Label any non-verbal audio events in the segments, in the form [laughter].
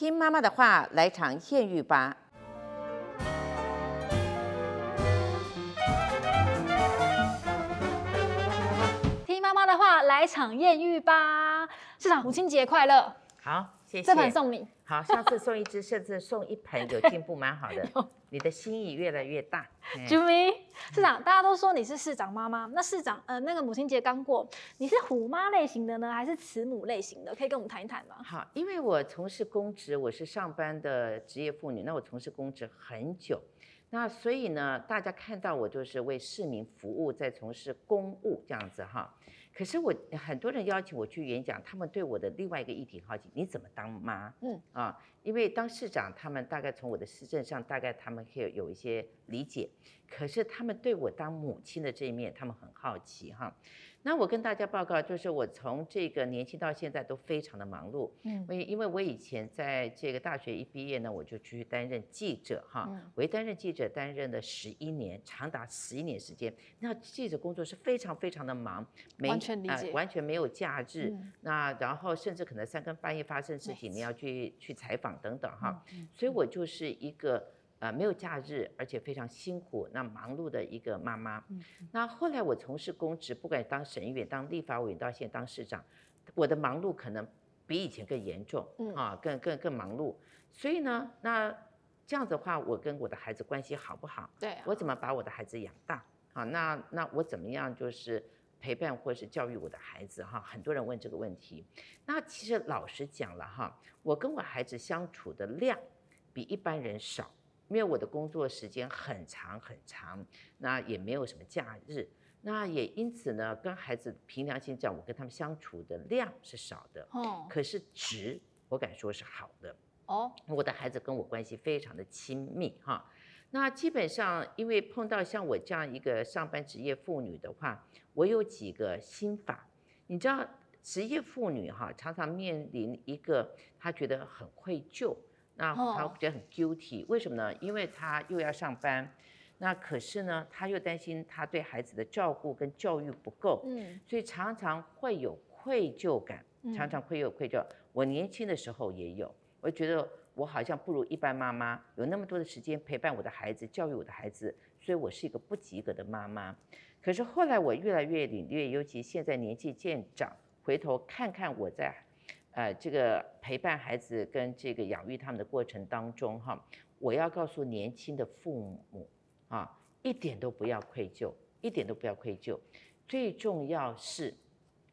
聽媽媽的話，來場豔遇吧。聽媽媽的話，來場豔遇吧。市長母親節快樂，好，謝謝。這盆送你。好，上次送一支， [laughs] 甚至送一盆，有進步， [laughs] 蠻好的。你的心意越來越大，嗯，啾咪市長，大家都說你是市長媽媽。那市長，呃，那個母親節剛過，你是虎媽類型的呢，還是慈母類型的？可以跟我們談一談嗎？好，因為我從事公職，我是上班的職業婦女。那我從事公職很久，那所以呢，大家看到我就是為市民服務，在從事公務這樣子哈。可是我很多人邀請我去演講，他們對我的另外一個議題好奇：你怎麼當媽？嗯啊。因為當市長，他們大概從我的市政上，大概他們可以有一些理解。可是他們對我當母親的這一面，他們很好奇哈。那我跟大家報告，就是我從這個年輕到現在都非常的忙碌。嗯，為因為我以前在這個大學一畢業呢，我就去擔任記者哈。我擔任記者擔任了十一年，長達十一年時間。那記者工作是非常非常的忙，沒完全理解，呃、完全沒有假日。嗯、那然後甚至可能三更半夜發生事情，你要去 Right. 去採訪。等等哈，所以我就是一個呃沒有假日，而且非常辛苦，那忙碌的一個媽媽。那後來我從事公職，不管當省議員、當立法委員，到現在當市長，我的忙碌可能比以前更嚴重啊，更更更忙碌。所以呢，那這樣子的話，我跟我的孩子關係好不好？對我怎麼把我的孩子養大？好，那那我怎麼樣就是？陪伴或是教育我的孩子哈，很多人問這個問題，那其實老實講了哈，我跟我孩子相處的量比一般人少，因為我的工作時間很長很長，那也沒有什麼假日，那也因此呢，跟孩子憑良心講，我跟他們相處的量是少的哦，可是質，我敢說是好的哦，我的孩子跟我關係非常的親密哈。那基本上，因為碰到像我這樣一個上班職業婦女的話，我有幾個心法。你知道，職業婦女哈、啊、常常面臨一個，她覺得很愧疚，那她覺得很 guilty，為什麼呢？因為她又要上班，那可是呢，她又擔心她對孩子的照顧跟教育不夠，嗯，所以常常會有愧疚感，常常會有愧疚。我年輕的時候也有，我覺得。我好像不如一般媽媽有那麼多的時間陪伴我的孩子，教育我的孩子，所以我是一個不及格的媽媽。可是後來我越來越領略，尤其現在年紀漸長，回頭看看我在，呃，這個陪伴孩子跟這個養育他們的過程當中，哈，我要告訴年輕的父母啊，一點都不要愧疚，一點都不要愧疚。最重要是，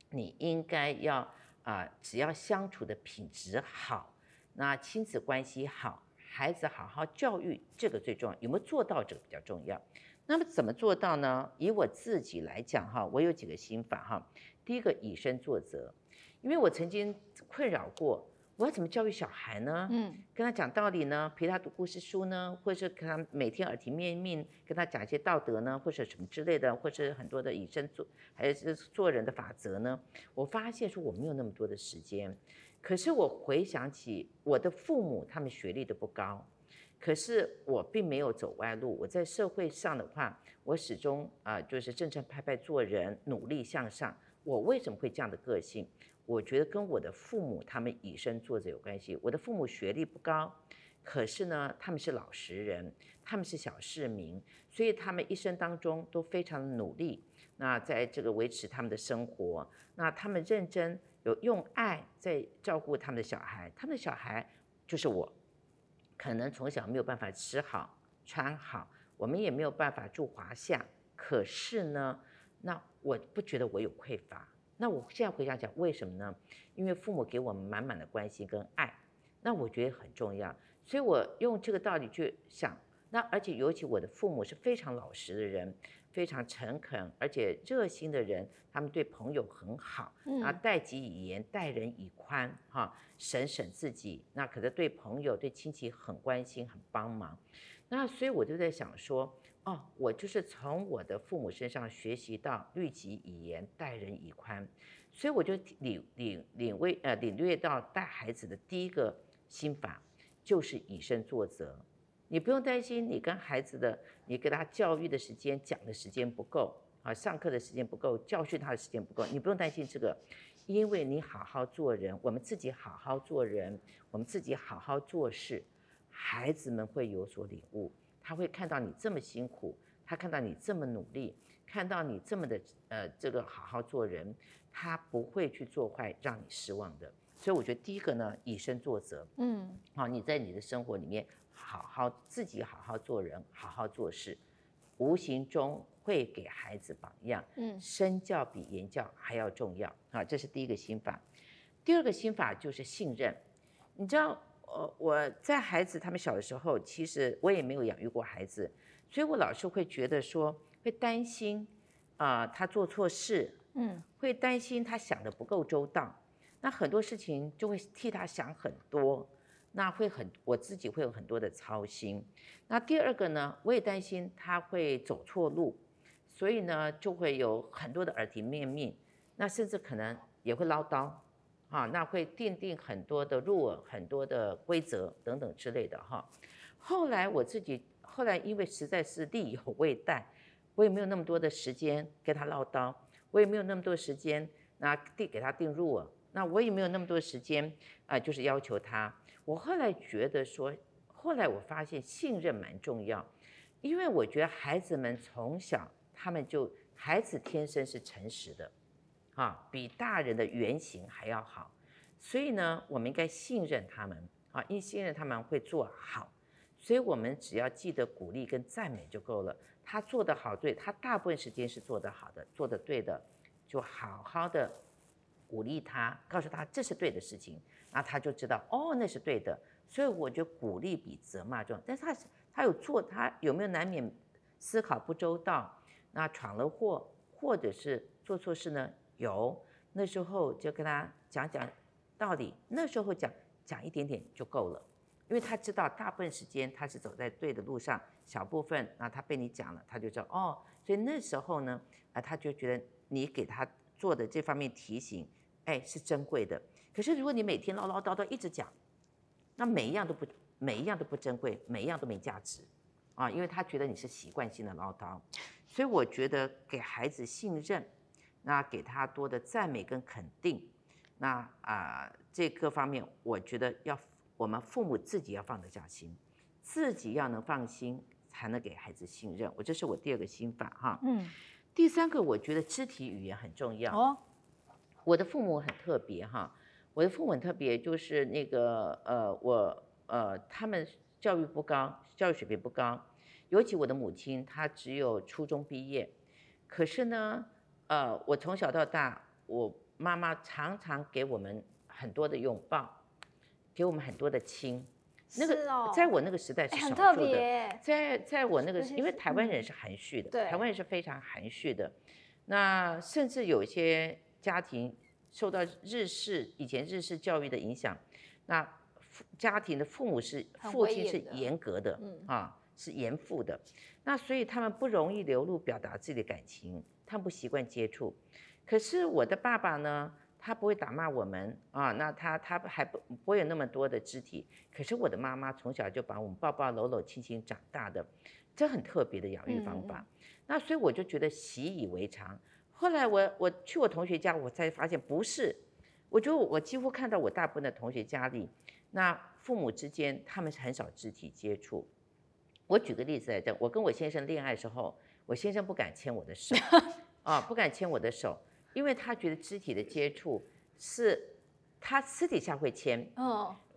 你應該要啊，呃，只要相處的品質好。那親子關係好，孩子好好教育，這個最重要。有沒有做到，這個比較重要。那麼怎麼做到呢？以我自己來講哈，我有幾個心法哈。第一個，以身作則。因為我曾經困擾過，我要怎麼教育小孩呢？嗯，跟他講道理呢？陪他讀故事書呢？或者是跟他每天耳提面命跟他講一些道德呢？或者什麼之類的？或者是很多的以身作，還是做人的法則呢？我發現說我沒有那麼多的時間。可是我回想起我的父母，他們學歷都不高，可是我並沒有走歪路。我在社會上的話，我始終啊就是正正派派做人，努力向上。我為什麼會這樣的個性？我覺得跟我的父母他們以身作則有關係。我的父母學歷不高，可是呢，他們是老實人，他們是小市民，所以他們一生當中都非常努力。那在這個維持他們的生活，那他們認真。有用愛在照顧他們的小孩，他們的小孩就是我，可能從小沒有辦法吃好穿好，我們也沒有辦法住華廈，可是呢，那我不覺得我有匱乏。那我現在回想講為什麼呢？因為父母給我們滿滿的關心跟愛，那我覺得很重要。所以我用這個道理去想，那而且尤其我的父母是非常老實的人。非常誠懇而且熱心的人，他們對朋友很好，啊、嗯，待己以嚴，待人以寬，哈，省省自己，那可能對朋友對親戚很關心很幫忙，那所以我就在想說，哦，我就是從我的父母身上學習到律己以嚴，待人以寬，所以我就領領領會呃領略到帶孩子的第一個心法就是以身作則。你不用擔心，你跟孩子的，你給他教育的時間、講的時間不夠啊，上課的時間不夠，教訓他的時間不夠，你不用擔心這個，因為你好好做人，我們自己好好做人，我們自己好好做事，孩子們會有所領悟，他會看到你這麼辛苦，他看到你這麼努力，看到你這麼的呃這個好好做人，他不會去做壞讓你失望的。所以我覺得第一個呢，以身作則，嗯，好，你在你的生活裡面。好好自己好好做人，好好做事，無形中會給孩子榜樣。嗯，身教比言教還要重要啊！這是第一個心法。第二個心法就是信任。你知道，我我在孩子他們小的時候，其實我也沒有養育過孩子，所以我老是會覺得說，會擔心啊，他做錯事，嗯，會擔心他想得不夠周到，那很多事情就會替他想很多。那會很，我自己會有很多的操心。那第二個呢，我也擔心他會走錯路，所以呢，就會有很多的耳提面命，那甚至可能也會嘮叨，哈，那會訂定很多的入耳，很多的規則等等之類的哈。後來我自己後來因為實在是力有未逮，我也沒有那麼多的時間跟他嘮叨，我也沒有那麼多時間那定給他定入耳，那我也沒有那麼多時間啊，間就是要求他。我後來覺得說，後來我發現信任蠻重要，因為我覺得孩子們從小他們就孩子天生是誠實的，啊，比大人的原型還要好，所以呢，我們應該信任他們啊，一信任他們會做好，所以我們只要記得鼓勵跟讚美就夠了，他做得好對，對他大部分時間是做得好的，做得對的，就好好的鼓勵他，告訴他這是對的事情。啊，他就知道哦，那是對的，所以我覺得鼓勵比責罵重要。但是他他有錯，他有沒有難免思考不周到？那闖了禍，或者是做錯事呢？有，那時候就跟他講講道理。那時候講講一點點就夠了，因為他知道大部分時間他是走在對的路上，小部分啊，他被你講了，他就知道哦。所以那時候呢，啊，他就覺得你給他做的這方面提醒，哎，是珍貴的。可是，如果你每天嘮嘮叨叨一直講，那每一樣都不每一樣都不珍貴，每一樣都沒價值，啊，因為他覺得你是習慣性的嘮叨，所以我覺得給孩子信任，那給他多的讚美跟肯定，那啊，呃，這各方面我覺得要我們父母自己要放得下心，自己要能放心，才能給孩子信任。我這是我第二個心法哈。嗯，第三個我覺得肢體語言很重要哦。我的父母很特別哈。我的父母很特別，就是那個呃，我呃，他們教育不高，教育水平不高，尤其我的母親，她只有初中畢業。可是呢，呃，我從小到大，我媽媽常常給我們很多的擁抱，給我們很多的親。是哦、那個，在我那個時代是少數的。欸、很特別耶、在在我那個，是不是因為台灣人是含蓄的？嗯、對、台灣人是非常含蓄的。那甚至有一些家庭。受到日式，以前日式教育的影響，那家庭的父母是父親是嚴格的啊，是嚴父的。那所以他們不容易流露表達自己的感情，他們不習慣接觸。可是我的爸爸呢，他不會打罵我們啊，那他他還不，不會有那麼多的肢體。可是我的媽媽從小就把我們抱抱摟摟親親長大的，這很特別的養育方法。那所以我就覺得習以為常。後來我我去我同學家，我才發現不是，我就我幾乎看到我大部分的同學家裡，那父母之間他們是很少肢體接觸。我舉個例子來講，我跟我先生戀愛的時候，我先生不敢牽我的手，啊，不敢牽我的手，因為他覺得肢體的接觸是他私底下會牽，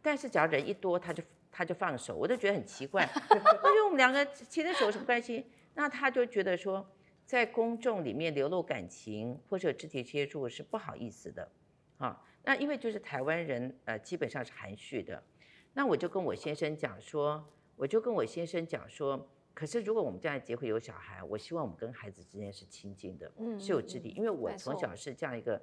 但是只要人一多，他就他就放手，我都覺得很奇怪，我覺得我們兩個牽着手有什麼關係？那他就覺得說。在公眾裡面流露感情或者有肢體接觸是不好意思的，啊，那因為就是台灣人呃基本上是含蓄的，那我就跟我先生講說，我就跟我先生講說，可是如果我們將來結婚有小孩，我希望我們跟孩子之間是親近的，嗯，是有肢體，因為我從小是這樣一個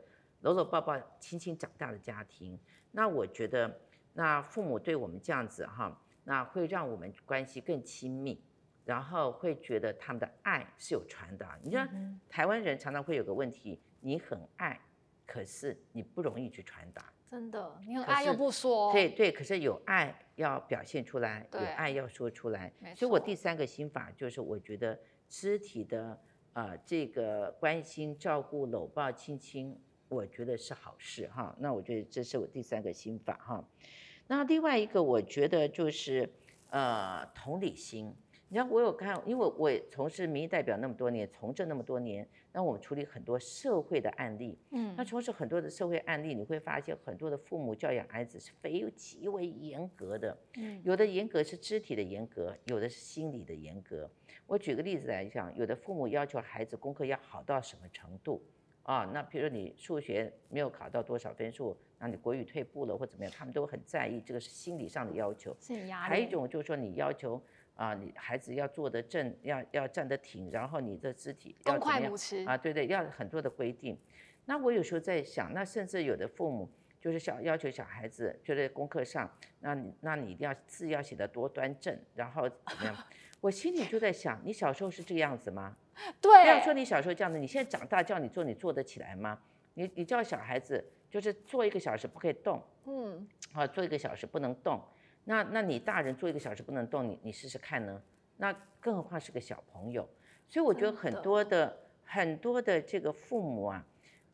摟摟抱抱、親親長大的家庭，那我覺得那父母對我們這樣子哈，啊，那會讓我們關係更親密。然後會覺得他們的愛是有傳達。你知道、嗯、台灣人常常會有個問題，你很愛，可是你不容易去傳達。真的，你很愛又不說、哦。對對，可是有愛要表現出來，對有愛要說出來。錯所以，我第三個心法就是，我覺得肢體的、呃、這個關心、照顧、摟抱、親親，我覺得是好事哈。那我覺得這是我第三個心法哈。那另外一個，我覺得就是、呃、同理心。你看，我有看，因為我從事民意代表那麼多年，從政那麼多年，那我們處理很多社會的案例。嗯，那從事很多的社會案例，你會發現很多的父母教養孩子是非常極為嚴格的。嗯，有的嚴格是肢體的嚴格，有的是心理的嚴格。我舉個例子來講，有的父母要求孩子功課要好到什麼程度啊？那譬如你數學沒有考到多少分數，那你國語退步了或怎麼樣，他們都很在意，這個是心理上的要求。是呀，還有一種就是說你要求。啊，你孩子要坐得正，要要站得挺，然後你的肢體要怎麼樣快啊？對對，要很多的規定。那我有時候在想，那甚至有的父母就是想要，要求小孩子，覺得功課上，那那你一定要字要寫得多端正，然後怎麼樣？ [laughs] 我心裡就在想，你小時候是這樣子嗎？對，不要說你小時候這樣子，你現在長大叫你做，你做得起來嗎？你你叫小孩子就是坐一個小時不可以動，嗯，啊，坐一個小時不能動。那那你大人坐一個小時不能動，你你試試看呢？那更何況是個小朋友，所以我覺得很多的，的很多的這個父母啊，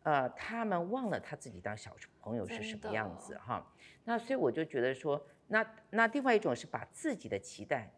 呃，他們忘了他自己當小朋友是什麼樣子的哈。那所以我就覺得說，那那另外一種是把自己的期待，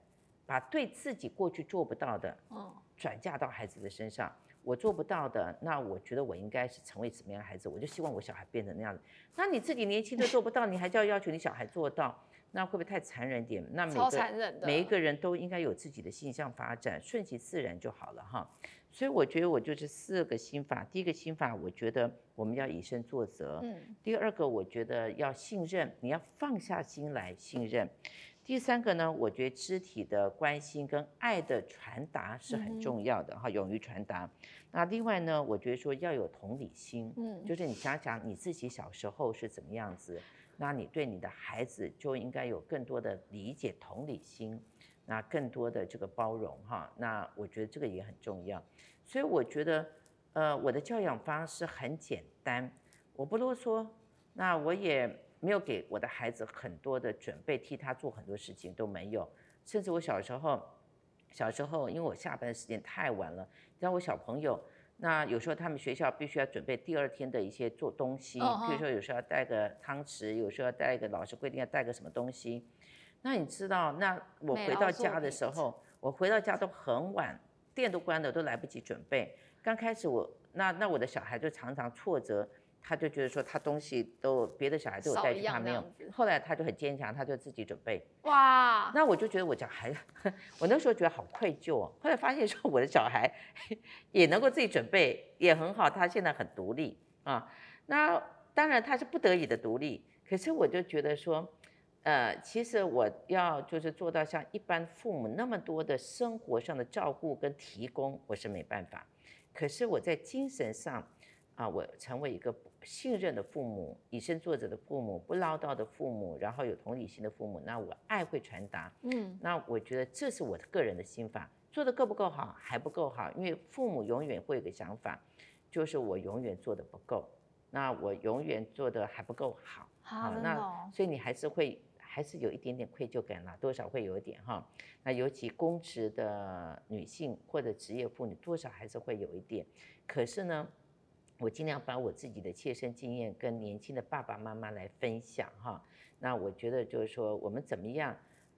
把對自己過去做不到的，哦，轉嫁到孩子的身上。我做不到的，那我覺得我應該是成為什麼樣的孩子？我就希望我小孩變成那樣的。那你自己年輕都做不到，你還叫要求你小孩做到？那會不會太殘忍點？那每個超殘忍的，每一個人都應該有自己的性向發展，順其自然就好了哈。所以我覺得我就是四個心法。第一個心法，我覺得我們要以身作則。嗯。第二個，我覺得要信任，你要放下心來信任。第三個呢，我覺得肢體的關心跟愛的傳達是很重要的哈，嗯、勇於傳達。那另外呢，我覺得說要有同理心，嗯，就是你想想你自己小時候是怎麼樣子。那你對你的孩子就應該有更多的理解、同理心，那更多的這個包容哈，那我覺得這個也很重要。所以我覺得，呃，我的教養方式很簡單，我不囉嗦，那我也沒有給我的孩子很多的準備，替他做很多事情都沒有。甚至我小時候，小時候因為我下班的時間太晚了，讓我小朋友。那有時候他們學校必須要準備第二天的一些做東西，比如說有時候要帶個湯匙，有時候要帶一個老師規定要帶個什麼東西。那你知道，那我回到家的時候，我回到家都很晚，店都關了，都來不及準備。剛開始我，那那我的小孩就常常挫折。他就覺得說他東西都，別的小孩都有代替，他沒有。後來他就很堅強，他就自己準備。哇！那我就覺得我家孩子，我那時候覺得好愧疚哦。後來發現說我的小孩也能夠自己準備，也很好，他現在很獨立啊。那當然他是不得已的獨立，可是我就覺得說，呃，其實我要就是做到像一般父母那麼多的生活上的照顧跟提供，我是沒辦法。可是我在精神上啊，我成為一個。信任的父母，以身作則的父母，不嘮叨的父母，然後有同理心的父母，那我愛會傳達。嗯，那我覺得這是我的個人的心法，做得夠不夠好？還不夠好，因為父母永遠會有個想法，就是我永遠做得不夠，那我永遠做得還不夠好。好，好，那真好，所以你還是會還是有一點點愧疚感啦，多少會有一點哈。那尤其公職的女性或者職業婦女，多少還是會有一點。可是呢，我儘量把我自己的切身經驗跟年輕的爸爸媽媽來分享哈，那我覺得就是說我們怎麼樣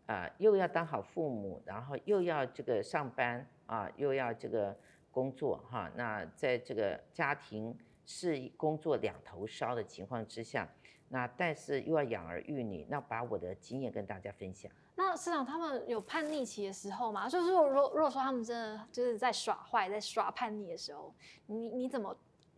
啊、呃，又要當好父母，然後又要這個上班啊，又要這個工作哈，那在這個家庭是工作兩頭燒的情況之下，那但是又要養兒育女，那把我的經驗跟大家分享。那市長他們有叛逆期的時候嗎？就是說，如果，如果說他們真的就是在耍壞、在耍叛逆的時候，你你怎麼？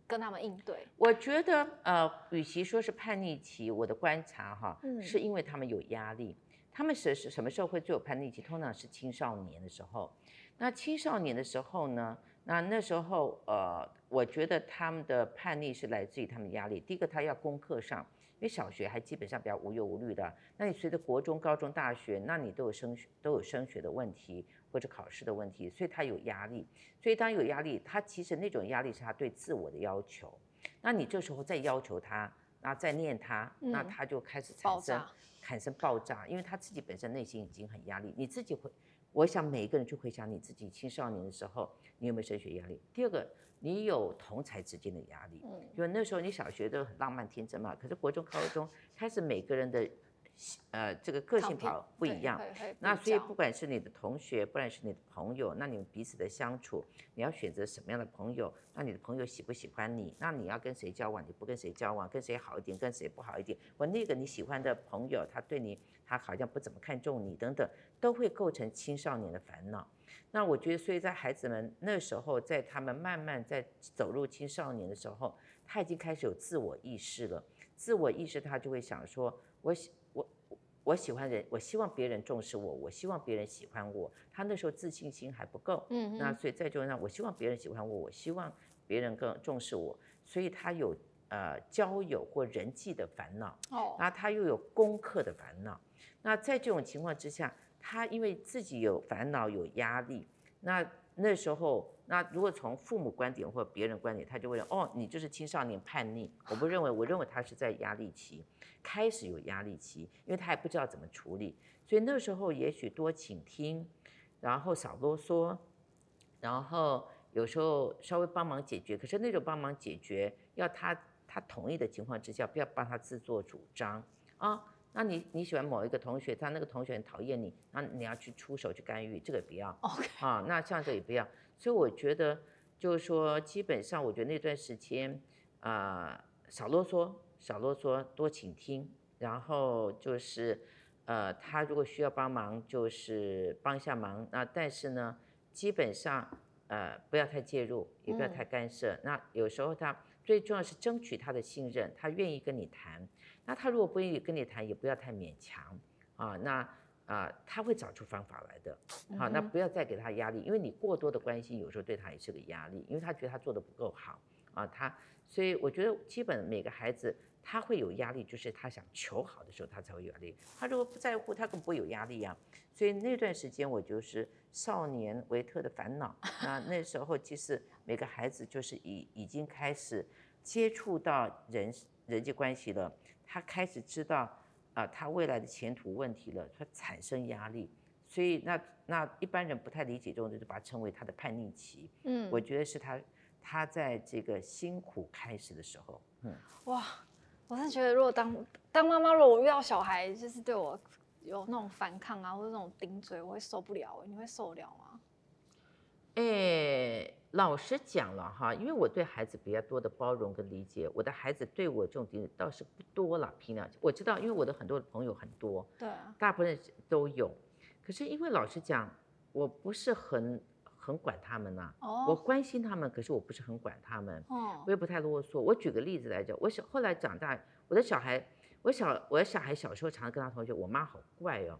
跟他們應對，我覺得呃，與其說是叛逆期，我的觀察哈，嗯，是因為他們有壓力。他們什是什麼時候會最有叛逆期？通常是青少年的時候。那青少年的時候呢？那那時候呃，我覺得他們的叛逆是來自於他們壓力。第一個，他要功課上，因為小學還基本上比較無憂無慮的。那你隨着國中、高中、大學，那你都有升學都有升學的問題。或者考試的問題，所以他有壓力，所以當有壓力，他其實那種壓力是他對自我的要求。那你這時候再要求他，那再念他，嗯、那他就開始產生，爆炸。產生爆炸，因為他自己本身內心已經很壓力。你自己會，我想每一個人就會想你自己青少年的時候，你有沒有升學壓力？第二個，你有同儕之間的壓力，因為那時候你小學都很浪漫天真嘛，可是國中、高中開始每個人的。呃，這個個性跑不一樣，騙那所以不管是你的同學，不管是你的朋友，那你們彼此的相處，你要選擇什麼樣的朋友，那你的朋友喜不喜歡你，那你要跟誰交往，你不跟誰交往，跟誰好一點，跟誰不好一點，或那個你喜歡的朋友，他對你，他好像不怎麼看重你，等等，都會構成青少年的煩惱。那我覺得，所以在孩子們那時候，在他們慢慢在走入青少年的時候，他已經開始有自我意識了，自我意識他就會想說，我。我喜歡人，我希望別人重視我，我希望別人喜歡我。他那時候自信心還不夠，嗯哼，那所以在這種上，我希望別人喜歡我，我希望別人更重視我，所以他有呃交友或人際的煩惱，哦，那他又有功課的煩惱。那在這種情況之下，他因為自己有煩惱有壓力，那那時候。那如果從父母觀點或者別人觀點，他就會說：“哦，你就是青少年叛逆。”我不認為，我認為他是在壓力期，開始有壓力期，因為他還不知道怎麼處理。所以那時候也許多傾聽，然後少囉嗦，然後有時候稍微幫忙解決。可是那種幫忙解決，要他他同意的情況之下，不要幫他自作主張啊。那你你喜歡某一個同學，他那個同學很討厭你，那你要去出手去干預，這個也不要。OK 啊，那像這個也不要。所以我覺得，就是說，基本上，我覺得那段時間，啊、呃，少囉嗦，少囉嗦，多傾聽。然後就是，呃，他如果需要幫忙，就是幫一下忙。那但是呢，基本上，呃，不要太介入，也不要太干涉。嗯、那有時候他最重要是爭取他的信任，他願意跟你談。那他如果不願意跟你談，也不要太勉強啊。那。啊，他會找出方法來的。好，那不要再給他壓力，因為你過多的關心有時候對他也是個壓力，因為他覺得他做得不夠好啊，他。所以我覺得基本每個孩子他會有壓力，就是他想求好的時候他才會有壓力。他如果不在乎，他更不會有壓力呀、啊。所以那段時間我就是《少年維特的煩惱》。那那時候其實每個孩子就是已已經開始接觸到人人際關係了，他開始知道。啊，他未來的前途問題了，他產生壓力，所以那那一般人不太理解這種，就是把他稱為他的叛逆期。嗯，我覺得是他他在這個辛苦開始的時候。嗯，哇，我是覺得如果當當媽媽，如果我遇到小孩就是對我有那種反抗啊，或者那種頂嘴，我會受不了，欸。你會受得了嗎？誒、欸。老實講了哈，因為我對孩子比較多的包容跟理解，我的孩子對我這種敵意倒是不多了。平常我知道，因為我的很多朋友很多，對，大部分都有。可是因為老實講，我不是很很管他們吶。哦。我關心他們，可是我不是很管他們。哦。我也不太囉嗦。我舉個例子來講，我小後來長大，我的小孩，我小我的小孩小時候常常跟他同學：“我媽好怪哦。”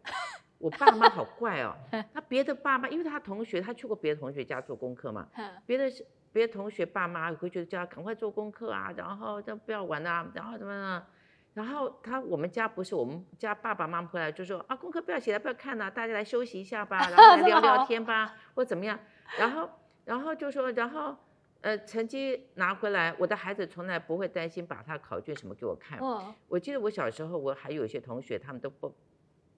[laughs] 我爸媽好怪哦，他別的爸媽，因為他同學，他去過別的同學家做功課嘛， [laughs] 別的別的同學爸媽會覺得叫他趕快做功課啊，然後就不要玩啊，然後怎麼樣、啊、然後他，他我們家不是，我們家爸爸媽媽回來就說啊，功課不要寫了，不要看了、啊，大家來休息一下吧，然後來聊聊天吧， [laughs] 好或怎麼樣？然後然後就說，然後呃，成績拿回來，我的孩子從來不會擔心把他考卷什麼給我看。哦、我記得我小時候，我還有一些同學，他們都不。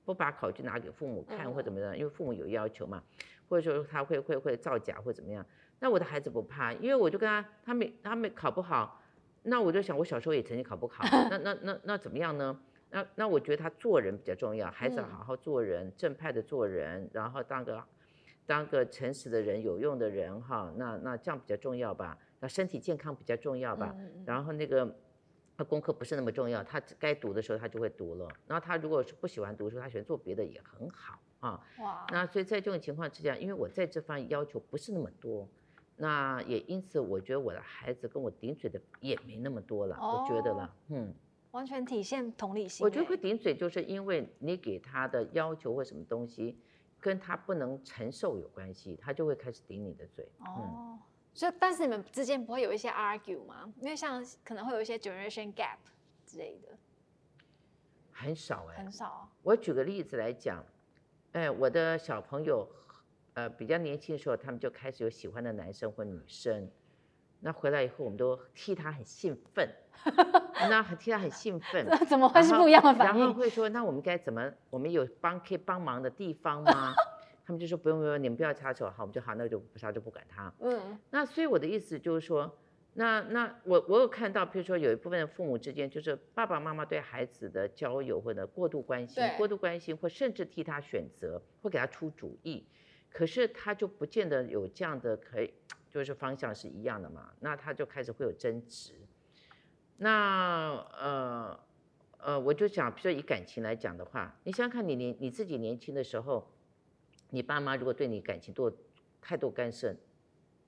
不把考卷拿給父母看或怎麼樣？因為父母有要求嘛，或者說他會會會造假，或者怎麼樣。那我的孩子不怕，因為我就跟他，他沒他沒考不好，那我就想，我小時候也曾經考不好，那那那那怎麼樣呢？那那我覺得他做人比較重要，孩子好好做人，正派的做人，然後當個當個誠實的人，有用的人哈，那那這樣比較重要吧？那身體健康比較重要吧？然後那個。他功課不是那麼重要，他該讀的時候他就會讀了。然後他如果是不喜歡讀書，他喜歡做別的也很好啊。哇！那所以在這種情況之下，因為我在這方面要求不是那麼多，那也因此我覺得我的孩子跟我頂嘴的也沒那麼多了，哦、我覺得了，嗯。完全體現同理心。我覺得會頂嘴，就是因為你給他的要求或什麼東西跟他不能承受有關係，他就會開始頂你的嘴。哦。嗯所以，但是你們之間不會有一些 argue 嗎？因為像可能會有一些 generation gap 之類的，很少哎、欸，很少，啊。我舉個例子來講，哎、欸，我的小朋友，呃，比較年輕的時候，他們就開始有喜歡的男生或女生，那回來以後，我們都替他很興奮，那很 [laughs] 替他很興奮， [laughs] 然後， [laughs] 那怎麼會是不一樣的反應？然後會說，那我們該怎麼？我們有幫可以幫忙的地方嗎？ [laughs] 他們就說不用不用，你們不要插手，好，我們就好，那就不插，就不管他。嗯，那所以我的意思就是說，那那我我有看到，比如說有一部分的父母之間，就是爸爸媽媽對孩子的交友或者，過度關心，對過度關心，或甚至替他選擇，或給他出主意，可是他就不見得有這樣的可以，就是方向是一樣的嘛，那他就開始會有爭執。那呃呃，我就想，比如說以感情來講的話，你想想看你年你自己年輕的時候。你爸媽如果對你感情多太多干涉，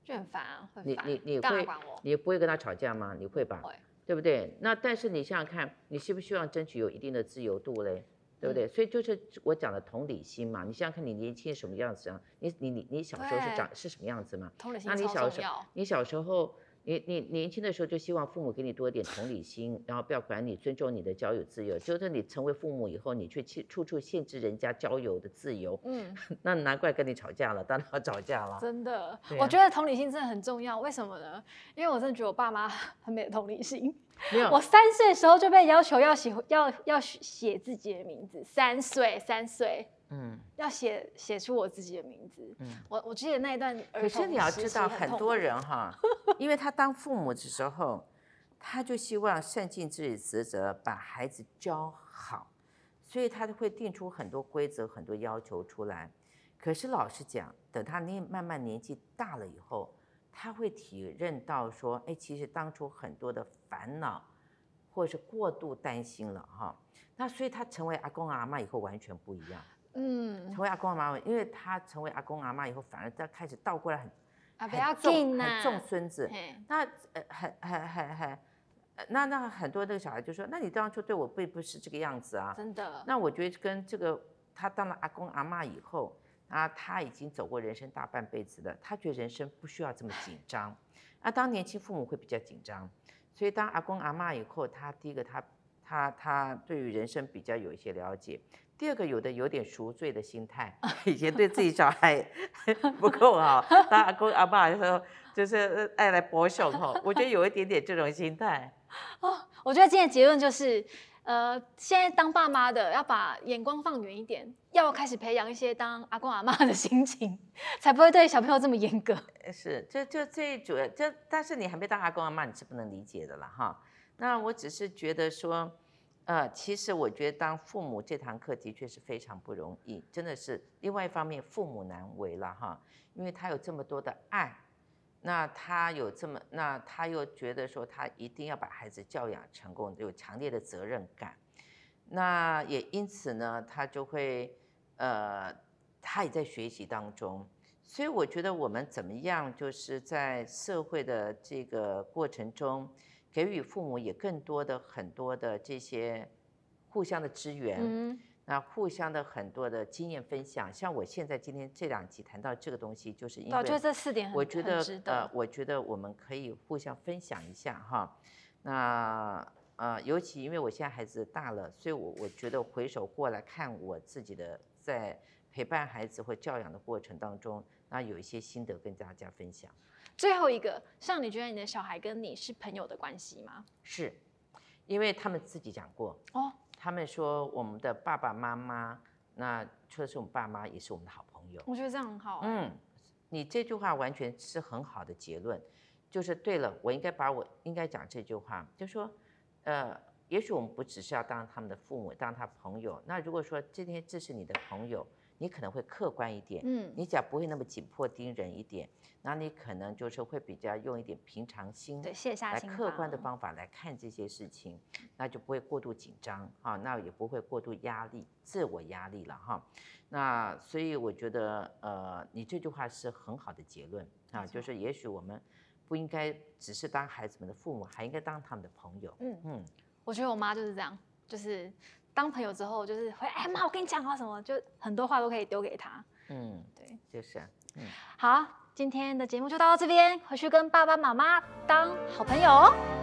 就很煩啊，會煩。你你你會，你不會跟他吵架嗎？你會吧？會。對不對？那但是你想想看，你希不希望爭取有一定的自由度嘞？對不對？嗯，所以就是我講的同理心嘛。你想想看你年輕什麼樣子啊？你你你你小時候是長對是什麼樣子嗎？同理心超重要。那你小時候，你小時候。你你年輕的時候就希望父母給你多一點同理心，然後不要管你，尊重你的交友自由。就算你成為父母以後，你卻去處處限制人家交友的自由。嗯，那難怪跟你吵架了，當然要吵架了。真的，對啊，我覺得同理心真的很重要。為什麼呢？因為我真的覺得我爸媽很沒有同理心。沒有，我三歲的時候就被要求要寫要要寫自己的名字。三歲，三歲。嗯，要寫寫出我自己的名字。嗯，我我記得那一段，可是你要知道，是是很、很多人哈， [laughs] 因為他當父母的時候，他就希望善盡自己職責，把孩子教好，所以他會定出很多規則、很多要求出來。可是老實講，等他年慢慢年紀大了以後，他會體認到說，哎、欸，其實當初很多的煩惱，或者是過度擔心了哈。那所以他成為阿公阿媽以後，完全不一樣。嗯，成為阿公阿媽，因為他成為阿公阿媽以後，反而他開始倒過來很很重很重孫子。啊、那呃很很很很，那那很多那個小孩就說，那你當初對我並不是這個樣子啊？真的？那我覺得跟這個他當了阿公阿媽以後，啊他，他已經走過人生大半輩子了，他覺得人生不需要這麼緊張。那當年輕父母會比較緊張，所以當阿公阿媽以後，他第一個他他他對於人生比較有一些了解。第二個有的有點贖罪的心態，以前對自己小孩 [laughs] 不夠好，當阿公阿嬤時候就是愛來報效，我我覺得有一點點這種心態。哦，我覺得今天結論就是，呃，現在當爸媽的要把眼光放遠一點，要開始培養一些當阿公阿媽的心情，才不會對小朋友這麼嚴格。是，這這最主要，就但是你還沒當阿公阿媽，你是不能理解的啦哈。那我只是覺得說。呃，其實我覺得當父母這堂課的確是非常不容易，真的是。另外一方面，父母難為了哈，因為他有這麼多的愛，那他有這麼，那他又覺得說他一定要把孩子教養成功，有強烈的責任感。那也因此呢，他就會，呃，他也在學習當中。所以我覺得我們怎麼樣，就是在社會的這個過程中。給予父母也更多的很多的這些互相的支援，嗯，那互相的很多的經驗分享。像我現在今天這兩集談到這個東西，就是因為我覺得呃，我覺得我們可以互相分享一下哈。那呃，尤其因為我現在孩子大了，所以我我覺得回首過來看我自己的在陪伴孩子或教養的過程當中，那有一些心得跟大家分享。最後一個，像你覺得你的小孩跟你是朋友的關係嗎？是，因為他們自己講過哦，他們說我們的爸爸媽媽，那除了是我們爸媽，也是我們的好朋友。我覺得這樣很好啊。嗯，你這句話完全是很好的結論，就是對了，我應該把我應該講這句話，就說，呃，也許我們不只是要當他們的父母，當他朋友。那如果說今天這是你的朋友。你可能會客觀一點，嗯，你只要不會那麼緊迫盯人一點，那你可能就是會比較用一點平常心，對，卸下來，客觀的方法來看這些事情，那就不會過度緊張哈，那也不會過度壓力，自我壓力了哈。那所以我覺得，呃，你這句話是很好的結論啊，就是也許我們不應該只是當孩子們的父母，還應該當他們的朋友。嗯嗯，嗯我覺得我媽就是這樣，就是。當朋友之後，就是會哎，媽，我跟你講啊，什麼就很多話都可以丟給他。嗯，對，就是啊。嗯，好，今天的節目就到這邊，回去跟爸爸媽媽當好朋友。